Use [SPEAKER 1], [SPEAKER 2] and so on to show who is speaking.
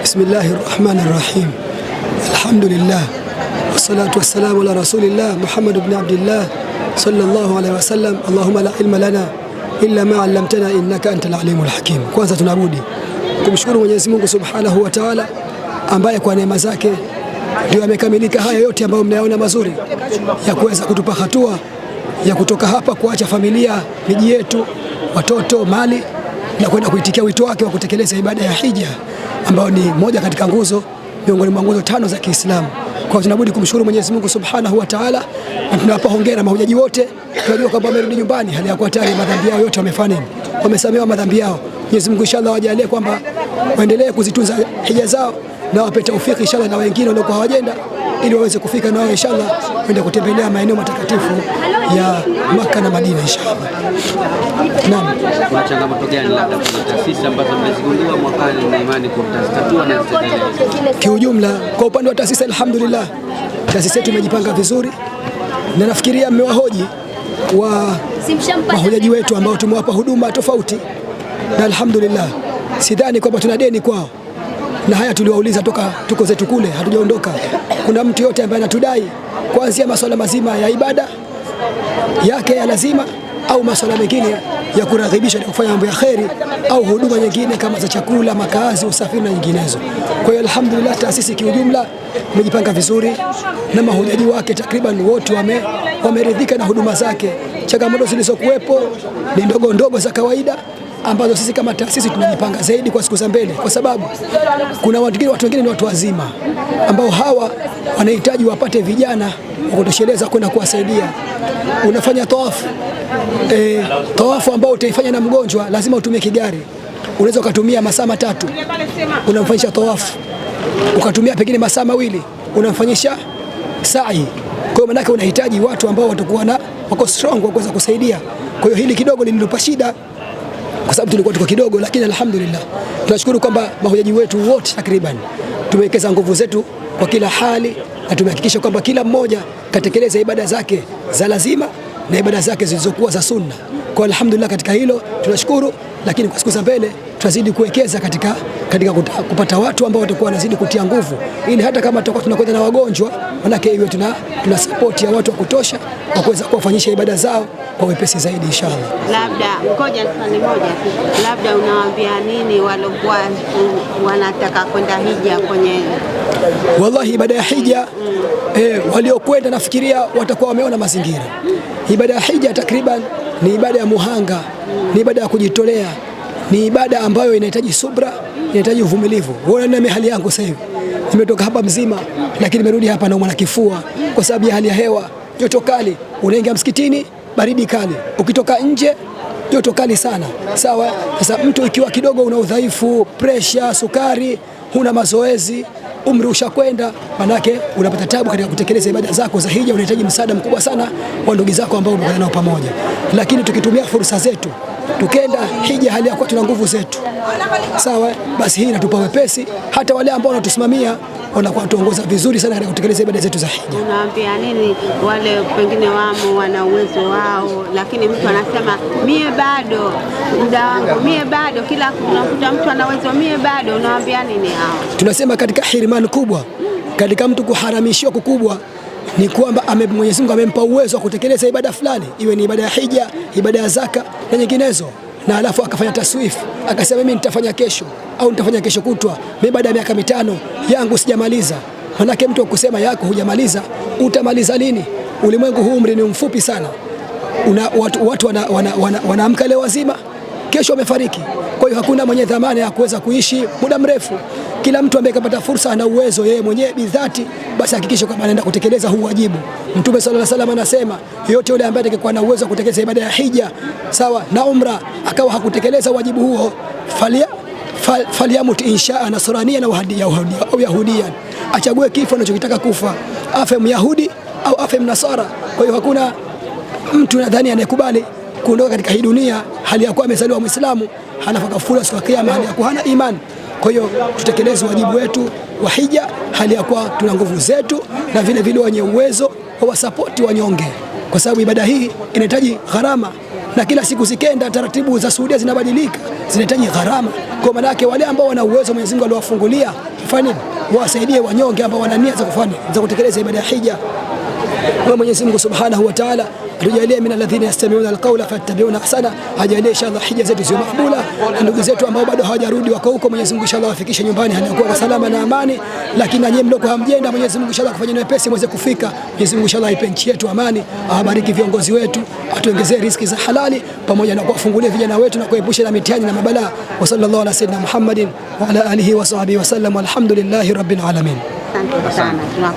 [SPEAKER 1] Bismillahi rahmani rahim, alhamdulillah wassalatu wassalamu ala rasulillah Muhammad ibn abdillah sallallahu alaihi wasallam. allahuma la ilma lana illa ma allamtana innaka anta alalimu lhakim Kwanza tunabudi kumshukuru Mwenyezi Mungu subhanahu wa taala ambaye kwa neema zake ndio amekamilika haya yote ambayo mnayaona mazuri ya kuweza kutupa hatua ya kutoka hapa kuacha familia, miji yetu, watoto, mali na kwenda kuitikia wito wake wa kutekeleza ibada ya hija ambayo ni moja katika nguzo miongoni mwa nguzo tano za Kiislamu. Kwa hiyo tunabudi kumshukuru Mwenyezi Mungu Subhanahu wa Ta'ala, na tunawapa hongera mahujaji wote. Tunajua kwamba wamerudi nyumbani hali ya kuwa tayari madhambi yao yote wamefanya nini, wamesamehewa madhambi yao. Mwenyezi Mungu inshallah wajalie kwamba waendelee kuzitunza hija zao na wape taufiki inshallah, na wengine waliokuwa hawajenda ili waweze kufika nao inshallah kwenda kutembelea maeneo matakatifu ya Maka na Madina inshallah. Naam, kuna changamoto gani labda kwa taasisi ambazo mmezigundua mwakani na imani kutatua na kutekeleza? Kiujumla, kwa upande wa taasisi alhamdulillah, taasisi yetu imejipanga vizuri na nafikiria mmewahoji wa wahojaji wetu ambao tumewapa huduma tofauti, na alhamdulillah sidhani kwamba tuna deni kwao, na haya tuliwauliza toka tuko zetu kule, hatujaondoka kuna mtu yote ambaye anatudai kuanzia masuala mazima ya ibada yake ya lazima au masuala mengine ya kuraghibisha na kufanya mambo ya kheri au huduma nyingine kama za chakula, makazi, usafiri na nyinginezo. Kwa hiyo alhamdulillah, taasisi kiujumla imejipanga vizuri na mahujaji wake takriban wote wame wameridhika na huduma zake. Changamoto zilizokuwepo ni ndogo ndogo za kawaida ambazo sisi kama taasisi tunajipanga zaidi kwa siku za mbele, kwa sababu kuna watu wengine ni watu wazima ambao hawa wanahitaji wapate vijana wa kutosheleza kwenda kuwasaidia. Unafanya tawafu e, eh, tawafu ambao utaifanya na mgonjwa, lazima utumie kigari. Unaweza ukatumia masaa matatu unamfanyisha tawafu, ukatumia pengine masaa mawili unamfanyisha sai. Kwa hiyo maanake unahitaji watu ambao watakuwa na wako strong wa kuweza kusaidia. Kwa hiyo hili kidogo linilipa shida kwa sababu tulikuwa tuko kidogo, lakini alhamdulillah tunashukuru kwamba mahujaji wetu wote takriban tumewekeza nguvu zetu kwa kila hali na tumehakikisha kwamba kila mmoja katekeleza ibada zake za lazima na ibada zake zilizokuwa za sunna. Kwa alhamdulillah katika hilo tunashukuru, lakini kwa siku za mbele tutazidi kuwekeza katika, katika kupata watu ambao watakuwa wanazidi kutia nguvu, ili hata kama tutakuwa tunakwenda na wagonjwa, manake hiyo tuna, tuna support ya watu wa kutosha kwa kuweza kuwafanyisha ibada zao kwa wepesi zaidi inshallah. Labda ngoja swali moja, labda unawaambia nini walokuwa wanataka kwenda hija kwenye Wallahi, ibada ya hija mm. eh, waliokwenda nafikiria watakuwa wameona mazingira ibada ya hija takriban ni ibada ya muhanga, ni ibada ya kujitolea, ni ibada ambayo inahitaji subra, inahitaji uvumilivu. Wewe nani hali yangu sasa hivi? Nimetoka hapa mzima, lakini nimerudi hapa naumwa na kifua kwa sababu ya hali ya hewa, joto kali. Unaingia msikitini, baridi kali, ukitoka nje joto kali sana. Sawa. Sasa mtu ikiwa kidogo una udhaifu, presha, sukari, huna mazoezi, umri ushakwenda, manake unapata tabu katika kutekeleza ibada zako za hija, unahitaji msaada mkubwa sana wa ndugu zako ambao umefanya nao pamoja, lakini tukitumia fursa zetu tukenda hija hali ya kuwa tuna nguvu zetu, sawa, basi hii inatupa wepesi. Hata wale ambao wanatusimamia wanakuwa tuongoza vizuri sana katika kutekeleza ibada zetu za hija. Unawaambia nini wale pengine wamo wana uwezo wao, lakini mtu anasema mie bado muda wangu, mie bado kila unakuta mtu ana uwezo, mie bado. Unawaambia nini hao? Tunasema katika hirimani kubwa, katika mtu kuharamishiwa kukubwa ni kwamba Mwenyezi Mungu amempa uwezo wa kutekeleza ibada fulani, iwe ni ibada ya hija, ibada ya zaka na nyinginezo, na alafu akafanya taswif, akasema mimi nitafanya kesho au nitafanya kesho kutwa, mimi baada ya miaka mitano yangu sijamaliza. Manake mtu akusema yako hujamaliza, utamaliza lini? Ulimwengu huu umri ni mfupi sana. Una, watu, watu wanaamka wana, wana, wana leo wazima kesho amefariki. Kwa hiyo hakuna mwenye dhamana ya kuweza kuishi muda mrefu. Kila mtu ambaye kapata fursa ana uwezo yeye mwenyewe bidhati, basi hakikisha kwamba anaenda kutekeleza huu wajibu. Mtume sallallahu alaihi wasallam anasema yote yule ambaye atakayekuwa na uwezo wa kutekeleza ibada ya hija sawa na umra akawa hakutekeleza wajibu huo falia falyamut inshaa nasrania na au yahudia, achague kifo anachokitaka kufa, afe myahudi au afe mnasara. Kwa hiyo hakuna mtu nadhani anayekubali kuondoka katika hii dunia hali ya kuwa amezaliwa Muislamu, hana fakafura siku ya kiyama, hali ya kuwa hana imani. Kwa hiyo tutekeleze wajibu wetu wa hija hali ya kuwa tuna nguvu zetu, na vile vile wenye uwezo wa wasapoti wanyonge, kwa sababu ibada hii inahitaji gharama na kila siku zikenda, taratibu za Saudia zinabadilika, zinahitaji gharama. Kwa maana yake wale ambao wana uwezo Mwenyezi Mungu aliwafungulia fani wasaidie wanyonge ambao wana nia za kufanya za kutekeleza ibada ya hija. Mwenyezi Mungu Subhanahu wa Ta'ala tujalie min alladhina yastami'una alqawla fattabi'una ahsana. Ajalie inshallah hija zetu ziwe makbula. Ndugu zetu ambao bado hawajarudi wako huko, Mwenyezi Mungu inshallah wafikishe nyumbani anakuwa kwa salama na amani. Lakini nanyi mloko hamjenda, Mwenyezi Mungu inshallah kufanya wepesi mweze kufika. Mwenyezi Mungu inshallah aipe nchi yetu amani, awabariki viongozi wetu, atuongezee riziki za halali pamoja na kuwafungulia vijana wetu na kuepusha na mitihani na mabalaa. Wa sallallahu ala sayyidina Muhammadin wa ala alihi wa sahbihi wa sallam, walhamdulillahi rabbil alamin. Asante sana.